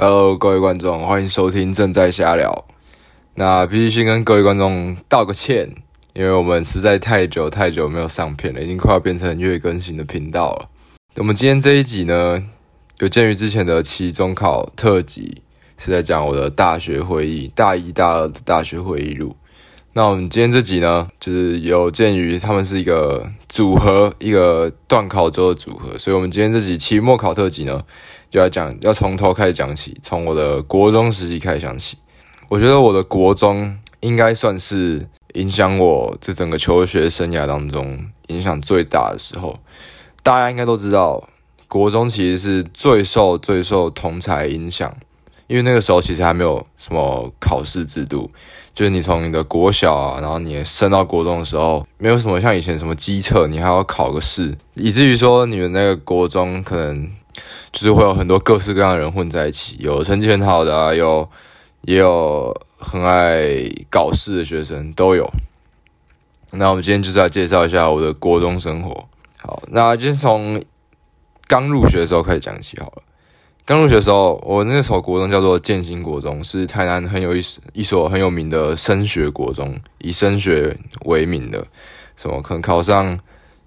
Hello，各位觀眾，歡迎收聽正在瞎聊。那必須先跟各位觀眾道個歉，因為我們實在太久太久沒有上片了，已經快要變成月更新的頻道了。那我們今天這一集呢，有鑒於之前的期中考特輯是在講我的大學回憶，大一、大二的大學回憶錄。那我們今天這集呢，就是有鑒於他們是一個組合，一個段考周的組合，所以我們今天這集期末考特輯呢。就要講，要從頭開始講起，從我的國中時期開始講起。我覺得我的國中應該算是影響我這整個求學生涯當中影響最大的時候。大家應該都知道，國中其實是最受、最受同儕影響，因為那個時候其實還沒有什麼考試制度，就是你從你的國小啊，然後你升到國中的時候，沒有什麼像以前什麼基測，你還要考個試，以至於說你們那個國中可能。就是會有很多各式各樣的人混在一起，有成績很好的啊，有也有很愛搞事的學生都有。那我們今天就是要介紹一下我的國中生活。好，那就從剛入學的時候開始講起好了。剛入學的時候，我那所國中叫做建興國中，是台南很有意思一所很有名的升學國中，以升學為名的，什麼可能考上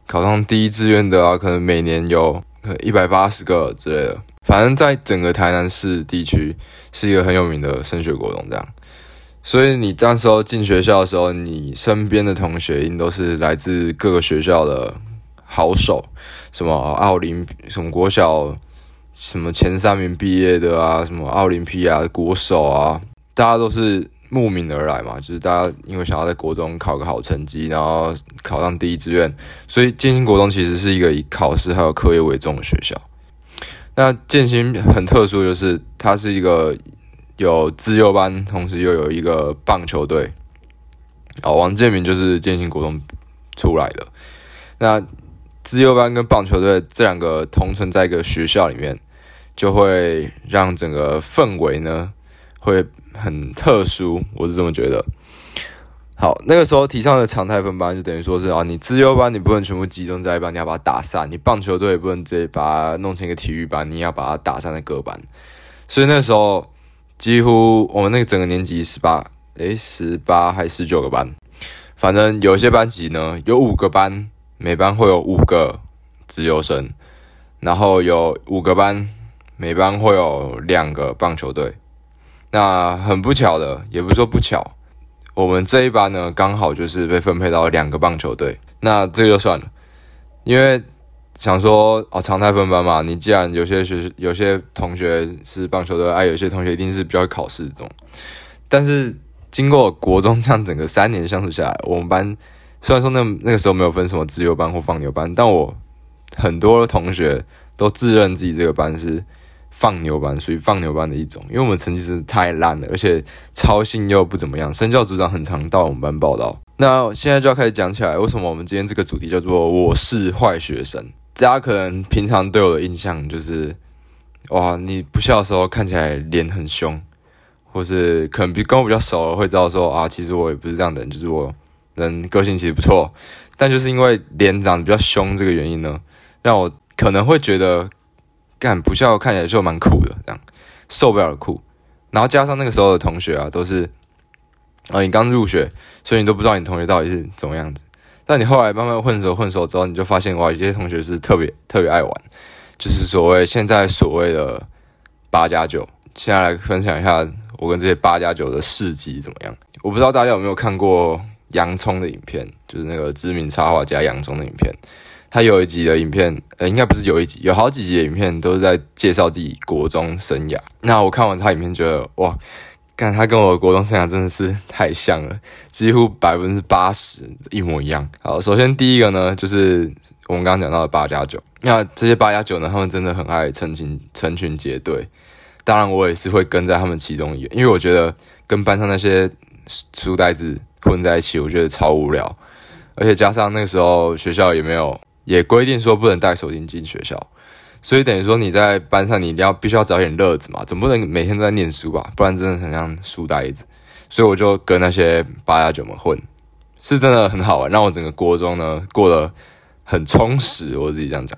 考上第一志願的啊，可能每年有。一百八十個之類的，反正在整個台南市地區是一個很有名的升學國中這樣。所以你當時候進學校的時候，你身邊的同學應都是來自各個學校的好手，什麼奧林，什麼國小，什麼前三名畢業的啊，什麼奧林匹亞國手啊，大家都是。慕名而來嘛，就是大家因為想要在國中考個好成績，然後考上第一志願，所以建興國中其實是一個以考試還有課業為重的學校。那建興很特殊，就是它是一個有資優班，同時又有一個棒球隊。哦，王建民就是建興國中出來的。那資優班跟棒球隊這兩個同存在一個學校裡面，就會讓整個氛圍呢，會很特殊，我是這麼覺得。好，那個時候提倡的常態分班，就等於說是啊，你資優班你不能全部集中在一班，你要把它打散；你棒球隊也不能直接把它弄成一個體育班，你要把它打散在各班。所以那時候幾乎我們那個整個年級十八誒，十八還十九個班，反正有些班級呢有五個班，每班會有五個資優生，然後有五個班每班會有兩個棒球隊。那很不巧的，也不是說不巧，我們這一班呢剛好就是被分配到兩個棒球隊，那這個就算了，因為想說哦，常態分班嘛，你既然有些學有些同學是棒球隊，哎、啊，有些同學一定是比較會考試這種。但是經過國中這樣整個三年相處下來，我們班雖然說那那個時候沒有分什麼自由班或放牛班，但我很多的同學都自認自己這個班是。放牛班，屬於放牛班的一種，因為我們成績真的太爛了，而且操性又不怎麼樣。生教組長很常到我們班報道。那現在就要開始講起來，為什麼我們今天這個主題叫做“我是壞學生”？大家可能平常對我的印象就是，哇，你不笑的時候看起來臉很兇，或是可能比跟我比較熟了會知道說啊，其實我也不是這樣的人，就是我人個性其實不錯，但就是因為臉長得比較兇這個原因呢，讓我可能會覺得。幹，不笑看起來就蠻酷的，這樣受不了的酷。然後加上那個時候的同學啊，都是啊，你剛入學，所以你都不知道你同學到底是怎麼樣子。但你後來慢慢混熟混熟之後，你就發現哇，有些同學是特別特別愛玩，就是所謂現在所謂的八加九。9, 現在來分享一下我跟這些八加九的事蹟怎麼樣？我不知道大家有沒有看過洋蔥的影片，就是那個知名插畫家洋蔥的影片。他有一集的影片，呃、欸，應該不是有一集，有好幾集的影片都是在介紹自己國中生涯。那我看完他影片，覺得哇，看他跟我的國中生涯真的是太像了，幾乎百分之八十一模一樣。好，首先第一個呢，就是我們剛剛講到的八加九。那這些八加九呢，他們真的很愛成群成群結隊。當然，我也是會跟在他們其中一，因為我覺得跟班上那些書呆子混在一起，我覺得超無聊。而且加上那個時候學校也沒有。也規定說不能帶手機進學校，所以等於說你在班上，你一定要必須要找點樂子嘛，總不能每天都在念書吧，不然真的很像書呆子。所以我就跟那些八加九們混，是真的很好玩，讓我整個國中呢過得很充實。我自己這樣講，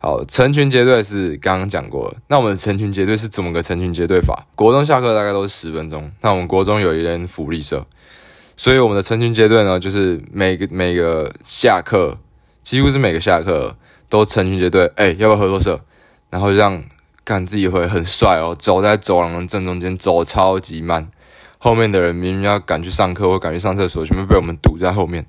好，成群結隊是剛剛講過了，那我們成群結隊是怎麼個成群結隊法？國中下課大概都是十分鐘，那我們國中有一間福利社，所以我們的成群結隊呢，就是每個每個下課。幾乎是每個下課都成群結隊，哎、欸，要不要合作社？然後這樣趕自己會很帥哦，走在走廊的正中間，走超級慢，後面的人明明要趕去上課或趕去上廁所，全部被我們堵在後面。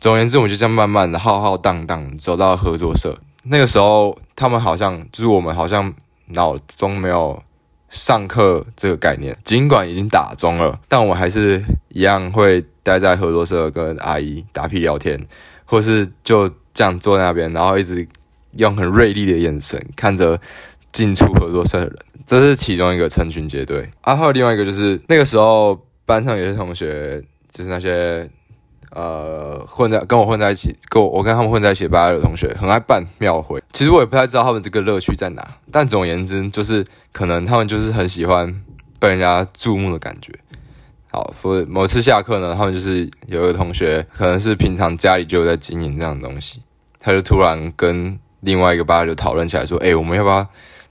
總言之，我們就這樣慢慢的浩浩蕩蕩走到合作社。那個時候，他們好像就是我們，好像腦中沒有上課這個概念。儘管已經打中鐘了，但我還是一樣會待在合作社跟阿姨打屁聊天，或是就。這樣坐在那邊，然後一直用很銳利的眼神看着進出合作社的人，這是其中一個成群結隊。啊，還有另外一個就是，那個時候班上有些同學，就是那些呃混在跟我混在一起，跟我，我跟他們混在一起班上的同學，很愛辦廟會。其實我也不太知道他們這個樂趣在哪，但總而言之，就是可能他們就是很喜歡被人家注目的感覺。好，所以某次下課呢，他們就是有一個同學，可能是平常家裡就在經營這樣的東西。他就突然跟另外一個吧友討論起來，說：“誒、欸，我們要不要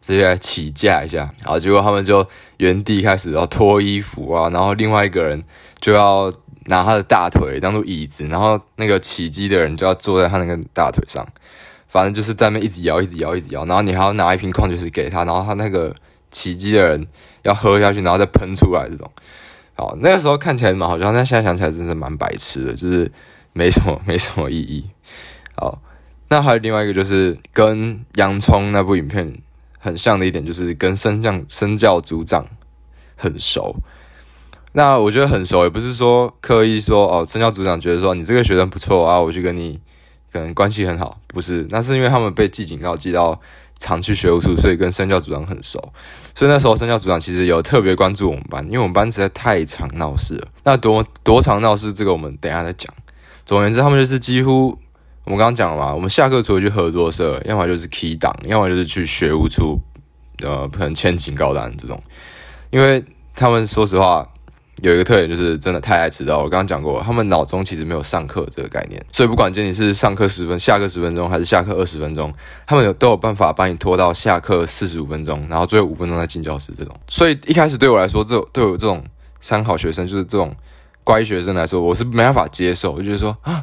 直接來起架一下？”好，結果他們就原地開始要脫衣服啊，然後另外一個人就要拿他的大腿當做椅子，然後那個起機的人就要坐在他那個大腿上，反正就是在那一直搖，一直搖，一直搖，然後你還要拿一瓶礦泉水給他，然後他那個起機的人要喝下去，然後再噴出來這種。好，那個時候看起來蠻好笑，但現在想起來真的是蠻白痴的，就是沒什麼，沒什麼意義。好。那還有另外一個，就是跟洋蔥那部影片很像的一點，就是跟生教生教組長很熟。那我覺得很熟，也不是說刻意說哦，生教組長覺得說你這個學生不錯啊，我就跟你可能關係很好，不是。那是因為他們被記警告，記到常去學務處，所以跟生教組長很熟。所以那時候生教組長其實有特別關注我們班，因為我們班實在太常鬧事了。那多多常鬧事，這個我們等一下再講。總而言之，他們就是幾乎。我們剛剛講了嘛，我們下課除了去合作社，要麼就是 key 檔，要麼就是去學務處，呃，可能簽警告單這種。因為他們說實話有一個特點，就是真的太愛遲到了。我剛剛講過，他們腦中其實沒有上課這個概念，所以不管今天是上課十分，下課十分鐘，還是下課二十分鐘，他們有都有辦法把你拖到下課四十五分鐘，然後最後五分鐘再進教室這種。所以一開始對我來說，這對我這種三好學生，就是這種乖學生來說，我是沒辦法接受，我就是說啊。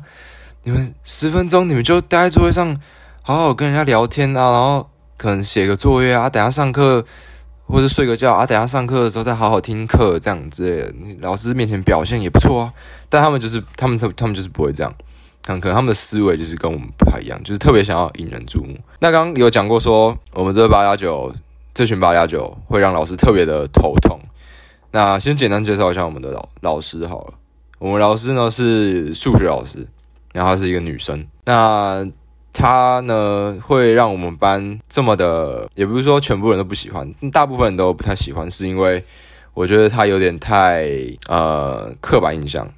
你們十分鐘，你們就待在座位上，好好跟人家聊天啊，然後可能寫個作業啊，等一下上課，或者睡個覺啊，等一下上課的時候再好好聽課，這樣之類的。老師面前表現也不錯啊，但他們就是他們他們就是不會這樣，可能他們的思維就是跟我們不太一樣，就是特別想要引人注目。那剛剛有講過說，我們這八幺九這群八幺九會讓老師特別的頭痛。那先簡單介紹一下我們的老老師好了，我們老師呢是數學老師。然後她是一個女生，那她呢，會讓我們班這麼的，也不是說全部人都不喜歡，大部分人都不太喜歡，是因為我覺得她有點太呃刻板印象。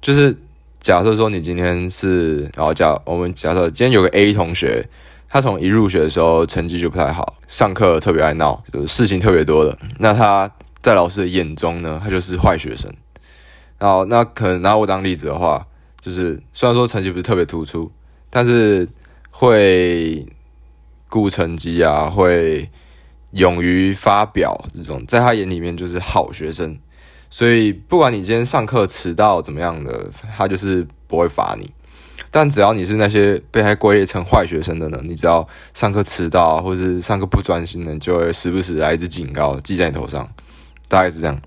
就是假設說你今天是，然後假，我們假設今天有個 A 同學，他從一入學的時候成績就不太好，上課特別愛鬧，就是、事情特別多的，那他在老師的眼中呢，他就是壞學生。然後，那可能拿我當例子的話。就是雖然說成績不是特別突出，但是會顧成績啊，會勇於發表這種，在他眼裡面就是好學生。所以不管你今天上課遲到怎麼樣的，他就是不會罰你。但只要你是那些被他歸類成壞學生的呢，你只要上課遲到或者是上課不專心的，就會時不時來一次警告，記在你頭上，大概是這樣。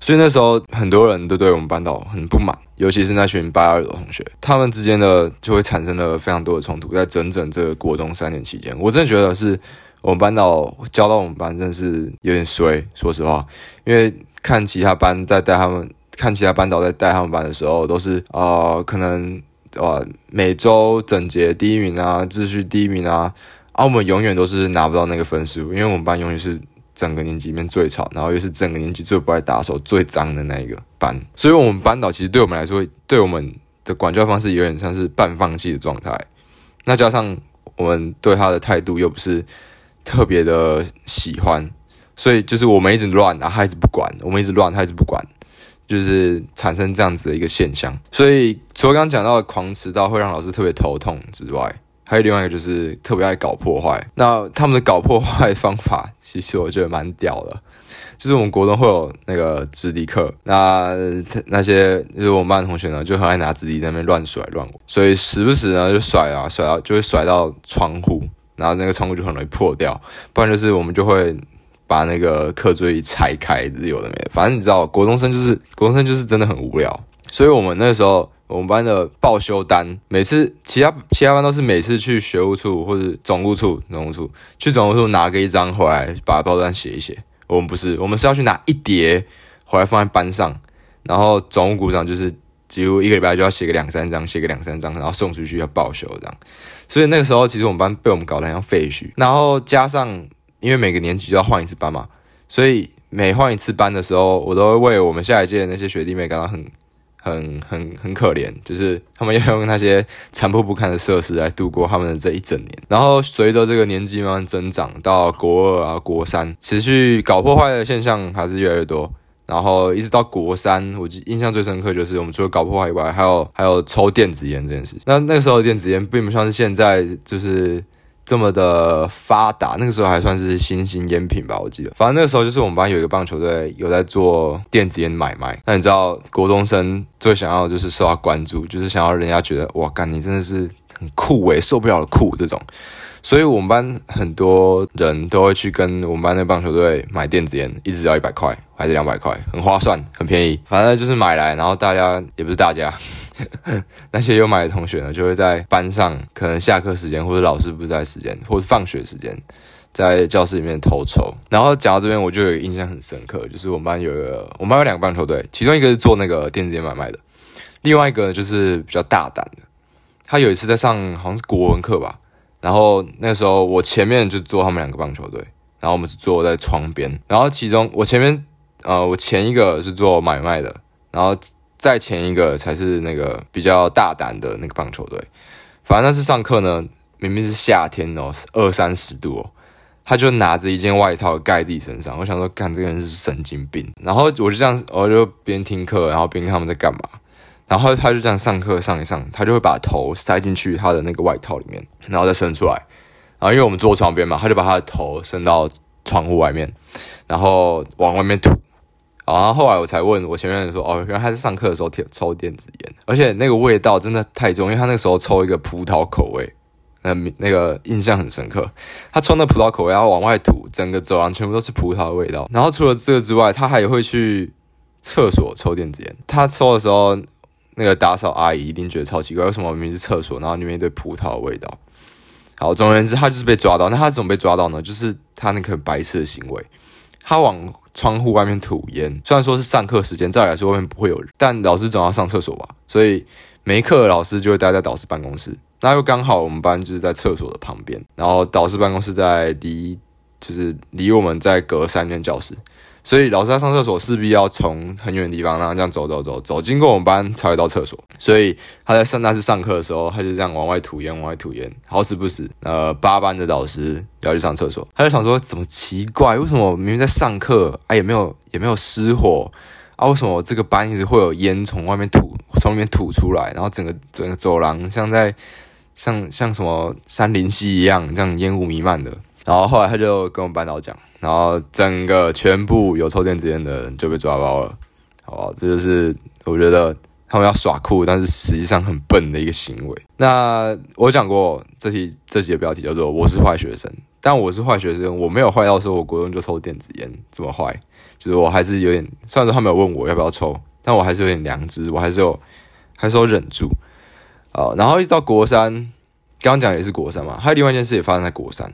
所以那時候很多人都對我們班導很不滿。尤其是那群八二的同學，他們之間的就會產生了非常多的衝突。在整整這個國中三年期間，我真的覺得是我們班導教到我們班，真的是有點衰。說實話，因為看其他班在帶他們，看其他班導在帶他們班的時候，都是啊、呃，可能啊，每週整潔第一名啊，秩序第一名啊，啊，我們永遠都是拿不到那個分數，因為我們班永遠是。整個年級裡面最吵，然後又是整個年級最不愛打掃、最髒的那一個班，所以我們班導其實對我們來說，對我們的管教方式也有點像是半放棄的狀態。那加上我們對他的態度又不是特別的喜歡，所以就是我們一直亂，啊，他一直不管；我們一直亂，他一直不管，就是產生這樣子的一個現象。所以除了剛剛講到的狂遲到會讓老師特別頭痛之外，還有另外一個就是特別愛搞破壞，那他們的搞破壞方法其實我覺得蠻屌的，就是我們國中會有那個直笛課，那那些就是我們班的同學呢就很愛拿直笛在那邊亂甩亂，所以時不時呢就甩啊甩啊就會甩到窗戶，然後那個窗戶就很容易破掉，不然就是我們就會把那個課桌椅拆開，就是有的沒的，反正你知道國中生就是國中生就是真的很無聊，所以我們那時候。我們班的報修單，每次其他其他班都是每次去學務處或者總務處總務處去總務處拿個一張回來，把報單寫一寫。我們不是，我們是要去拿一疊，回來放在班上。然後總務股長就是幾乎一個禮拜就要寫個兩三張，寫個兩三張，然後送出去要報修這樣。所以那個時候，其實我們班被我們搞得很像廢墟。然後加上因為每個年級都要換一次班嘛，所以每換一次班的時候，我都會為我們下一屆的那些學弟妹感到很。很很很可憐，就是他們要用那些殘破不堪的設施來度過他們的這一整年。然後隨着這個年紀慢慢增長到國二啊、國三，持續搞破壞的現象還是越來越多。然後一直到國三，我記印象最深刻就是我們除了搞破壞以外，還有還有抽電子煙這件事。那那個時候的電子煙並不像是現在，就是。這麼的發達，那個時候還算是新興菸品吧，我記得。反正那個時候就是我們班有一個棒球隊有在做電子菸買賣。那你知道，國中生最想要就是受到關注，就是想要人家覺得哇，幹你真的是很酷誒，受不了的酷這種。所以我們班很多人都會去跟我們班那棒球隊買電子菸，一支要一百塊還是兩百塊，很划算，很便宜。反正就是買來，然後大家也不是大家。 那些有買的同學呢，就會在班上，可能下課時間，或者老師不在時間，或者放學時間，在教室裡面偷抽。然後講到這邊，我就有印象很深刻，就是我們班有一個，我們班有兩個棒球隊，其中一個是做那個電子菸買賣的，另外一個就是比較大膽的。他有一次在上好像是國文課吧，然後那個時候我前面就坐他們兩個棒球隊，然後我們是坐在窗邊，然後其中我前面，呃，我前一個是做買賣的，然後。再前一個才是那個比較大膽的那個棒球隊，反正那次上課呢，明明是夏天哦，二三十度，哦，他就拿着一件外套蓋在自己身上。我想說，幹這個人是神經病。然後我就這樣，我就邊聽課，然後邊看他們在幹嘛。然後他就這樣上課上一上，他就會把頭塞進去他的那個外套裡面，然後再伸出來。然後因為我們坐窗邊嘛，他就把他的頭伸到窗戶外面，然後往外面吐。然後後來我才問我前面人說，哦，原來他在上課的時候抽電子煙，而且那個味道真的太重。因為他那個時候抽一個葡萄口味，那那個印象很深刻。他抽那葡萄口味要往外吐，整個走廊全部都是葡萄的味道。然後除了這個之外，他還會去廁所抽電子煙。他抽的時候，那個打掃阿姨一定覺得超奇怪，為什麼明明是廁所，然後裡面一堆葡萄的味道。好，總而言之，他就是被抓到。那他怎麼被抓到呢？就是他那個白色的行為。他往窗戶外面吐煙，雖然說是上課時間，照理來說外面不會有人，但老師總要上廁所吧，所以沒課老師就會待在導師辦公室。那又剛好我們班就是在廁所的旁邊，然後導師辦公室在離。就是離我們在隔三間教室，所以老師在上廁所勢必要從很遠的地方、啊，然後這樣走走走走，經過我們班才會到廁所。所以他在上那次上課的時候，他就這樣往外吐煙，往外吐煙，好死不死，呃，八班的老師要去上廁所，他就想說怎麼奇怪，為什麼明明在上課啊，也沒有也沒有失火啊，為什麼這個班一直會有煙從外面吐，從裡面吐出來，然後整個整個走廊像在像像什麼山林溪一樣，這樣煙霧彌漫的。然後後來他就跟我們班導講，然後整個全部有抽電子煙的人就被抓包了，好，這就是我覺得他們要耍酷，但是實際上很笨的一個行為。那我講過這題這幾個標題叫做“我是壞學生”，但我是壞學生，我沒有壞到說，我國中就抽電子煙這麼壞，就是我還是有點，雖然說他們有問我要不要抽，但我還是有點良知，我還是有還是有忍住。好，然後一直到國三，剛剛講也是國三嘛，還有另外一件事也發生在國三。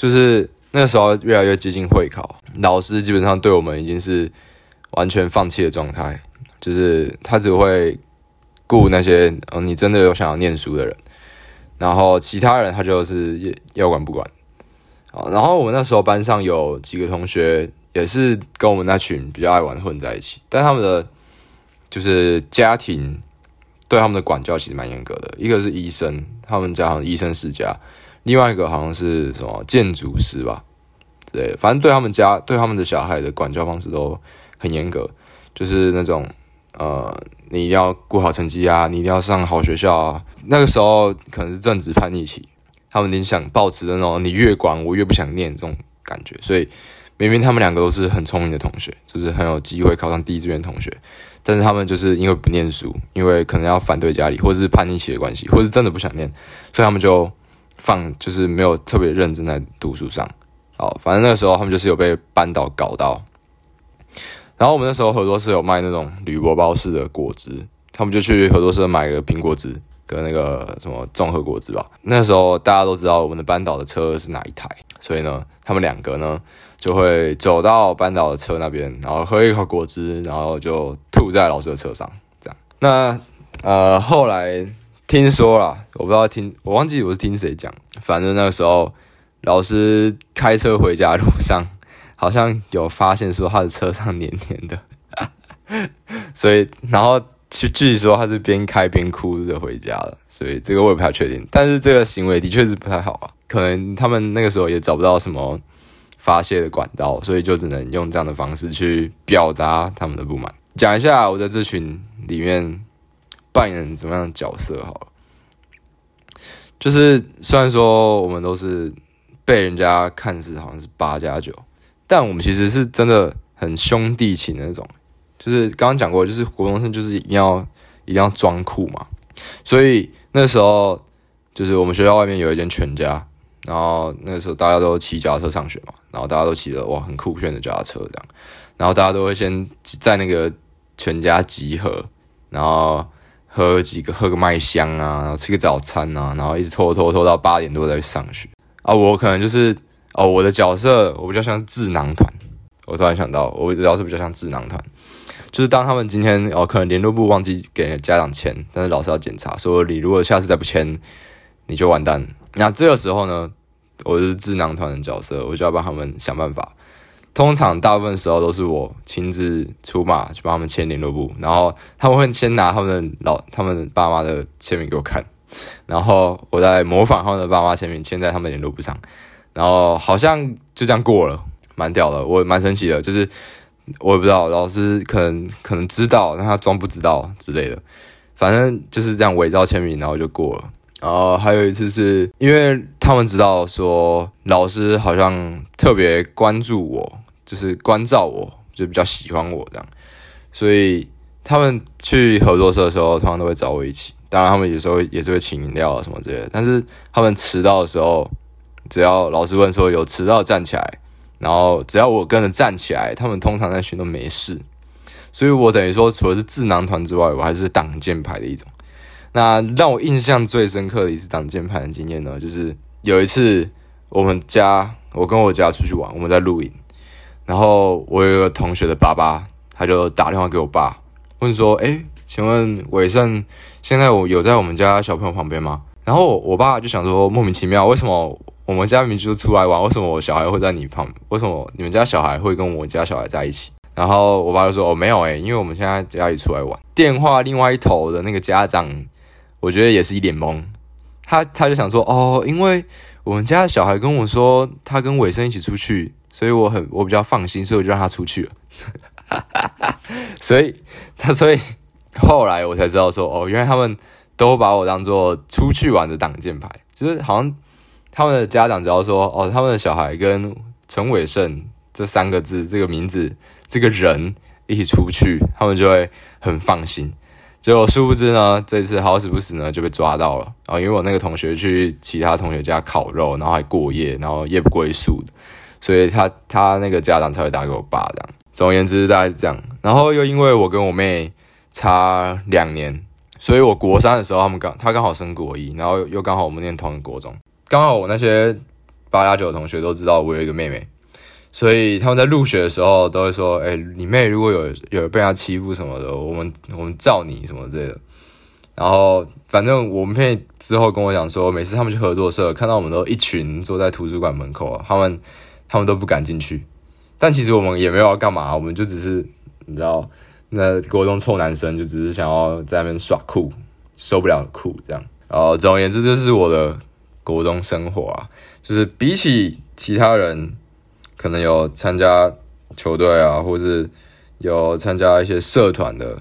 就是那時候越來越接近會考，老師基本上對我們已經是完全放棄的狀態，就是他只會顧那些嗯你真的有想要唸書的人，然後其他人他就是要管不管，然後我們那時候班上有幾個同學也是跟我們那群比較愛玩混在一起，但他們的就是家庭對他們的管教其實蠻嚴格的，一個是醫生，他們家好像醫生世家。另外一個好像是什麼建築師吧，對，反正對他們家對他們的小孩的管教方式都很嚴格，就是那種呃，你一定要顧好成績啊，你一定要上好學校啊。那個時候可能是正值叛逆期，他們你想抱持的那種你越管我越不想念這種感覺，所以明明他們兩個都是很聰明的同學，就是很有機會考上第一志願同學，但是他們就是因為不念書，因為可能要反對家裡，或者是叛逆期的關係，或是真的不想念，所以他們就。放就是沒有特別認真在讀書上，好，反正那個時候他們就是有被班導搞到。然後我們那時候合作社有賣那種鋁箔包式的果汁，他們就去合作社買了蘋果汁跟那個什麼綜合果汁吧。那個時候大家都知道我們的班導的車是哪一台，所以呢，他們兩個呢就會走到班導的車那邊，然後喝一口果汁，然後就吐在老師的車上，這樣。那呃後來。聽說了，我不知道聽，我忘記我是聽誰講。反正那個時候，老師開車回家的路上，好像有發現說他的車上黏黏的， 所以然後據據說他是邊開邊哭着回家了。所以這個我也不太確定，但是這個行為的確是不太好啊。可能他們那個時候也找不到什麼發洩的管道，所以就只能用這樣的方式去表達他們的不滿。講一下我在這群裡面扮演怎麼樣的角色好了，就是雖然說我們都是被人家看似好像是八加九，但我們其實是真的很兄弟情的那種。就是剛剛講過，就是國中生，就是一定要一定要裝酷嘛。所以那時候就是我們學校外面有一間全家，然後那時候大家都騎腳踏車上學嘛，然後大家都騎得哇很酷炫的腳踏車這樣，然後大家都會先在那個全家集合，然後。喝幾個，喝個麥香啊，然後吃個早餐啊，然後一直拖拖拖到八點多再去上學啊。我可能就是哦，我的角色我比較像智囊團。我突然想到，我老師比較像智囊團，就是當他們今天哦，可能聯絡簿忘記給家長簽，但是老師要檢查，說你如果下次再不簽，你就完蛋。那這個時候呢，我就是智囊團的角色，我就要幫他們想辦法。通常大部分時候都是我親自出馬去幫他們簽聯絡簿，然後他們會先拿他們的老、他們爸媽的簽名給我看，然後我再模仿他們的爸媽簽名簽在他們聯絡簿上，然後好像就這樣過了，蠻屌的，我也蠻神奇的，就是我也不知道老師可能可能知道，但他裝不知道之類的，反正就是這樣偽造簽名，然後就過了。然後還有一次是因為他們知道說老師好像特別關注我，就是關照我，就比較喜歡我這樣，所以他們去合作社的時候，通常都會找我一起。當然，他們有時候也是會請飲料啊什麼之類的。但是他們遲到的時候，只要老師問說有遲到站起來，然後只要我跟着站起來，他們通常在群都沒事。所以我等於說，除了是智囊團之外，我還是擋箭牌的一種。那讓我印象最深刻的一次擋箭牌的經驗呢，就是有一次我們家我跟我家出去玩，我們在露營，然後我有一個同學的爸爸，他就打電話給我爸，問說：“哎、欸，請問偉盛，現在我有在我們家小朋友旁邊嗎？”然後我爸就想說：“莫名其妙，為什麼我們家明明就出來玩？為什麼我小孩會在你旁？為什麼你們家小孩會跟我家小孩在一起？”然後我爸就說：“哦，沒有哎、欸，因為我們現在家裡出來玩。”電話另外一頭的那個家長。我覺得也是一臉懵，他他就想說，哦，因為我們家的小孩跟我說，他跟偉勝一起出去，所以我很我比較放心，所以我就讓他出去了。 所以他所以後來我才知道說，哦，原來他們都把我當做出去玩的擋箭牌，就是好像他們的家長只要說哦，他們的小孩跟陳偉勝這三個字這個名字這個人一起出去，他們就會很放心。結果殊不知呢，這次好死不死呢就被抓到了。然、哦、後因為我那個同學去其他同學家烤肉，然後還過夜，然後夜不歸宿，所以他他那個家長才會打給我爸這樣，總而言之，大概是這樣。然後又因為我跟我妹差兩年，所以我國三的時候，他們剛他剛好升國一，然後又剛好我們念同一國中，剛好我那些八八九的同學都知道我有一個妹妹。所以他們在入學的時候都會說：“哎、欸，你妹，如果有有人被她欺負什麼的，我們我們罩你什麼之類的。”然後反正我妹之後跟我講說，每次他們去合作社看到我們都一群坐在圖書館門口、啊、他們他們都不敢進去。但其實我們也沒有要幹嘛，我們就只是你知道，那個，國中臭男生就只是想要在那邊耍酷，受不了酷這樣。然後總而言之，就是我的國中生活啊，就是比起其他人。可能有參加球隊啊，或者有參加一些社團的。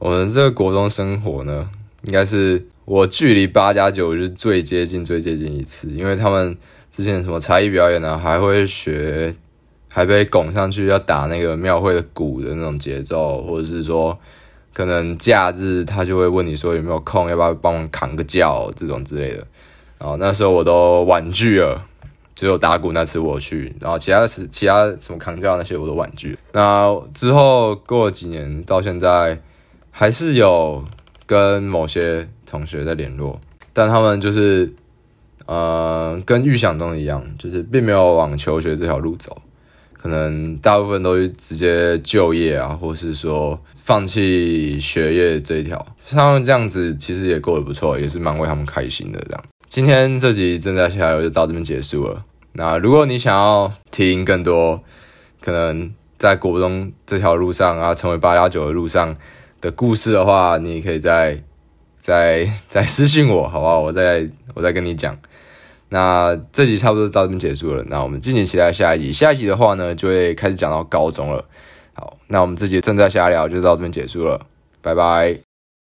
我們這個國中生活呢，應該是我距離八加九是最接近、最接近一次，因為他們之前什麼才藝表演呢、啊，還會學，還被拱上去要打那個廟會的鼓的那種節奏，或者是說可能假日他就會問你說有沒有空，要不要幫忙扛個轎、哦、這種之類的。然後那時候我都婉拒了。只有打鼓那次我去，然後其他是其他什麼扛轎的那些我都婉拒。那之後過了幾年到現在，還是有跟某些同學在聯絡，但他們就是呃跟預想中一樣，就是並沒有往求學這條路走，可能大部分都直接就業啊，或是說放棄學業這一條。他們這樣子其實也過得不錯，也是蠻為他們開心的這樣。今天這集正在瞎聊就到這邊結束了。那如果你想要聽更多可能在國中這條路上啊，成為八加九的路上的故事的話，你可以再再再私訊我，好不好？我再我再跟你講。那這集差不多到這邊結束了。那我們敬請期待下一集。下一集的話呢，就會開始講到高中了。好，那我們這集正在瞎聊就到這邊結束了，拜拜。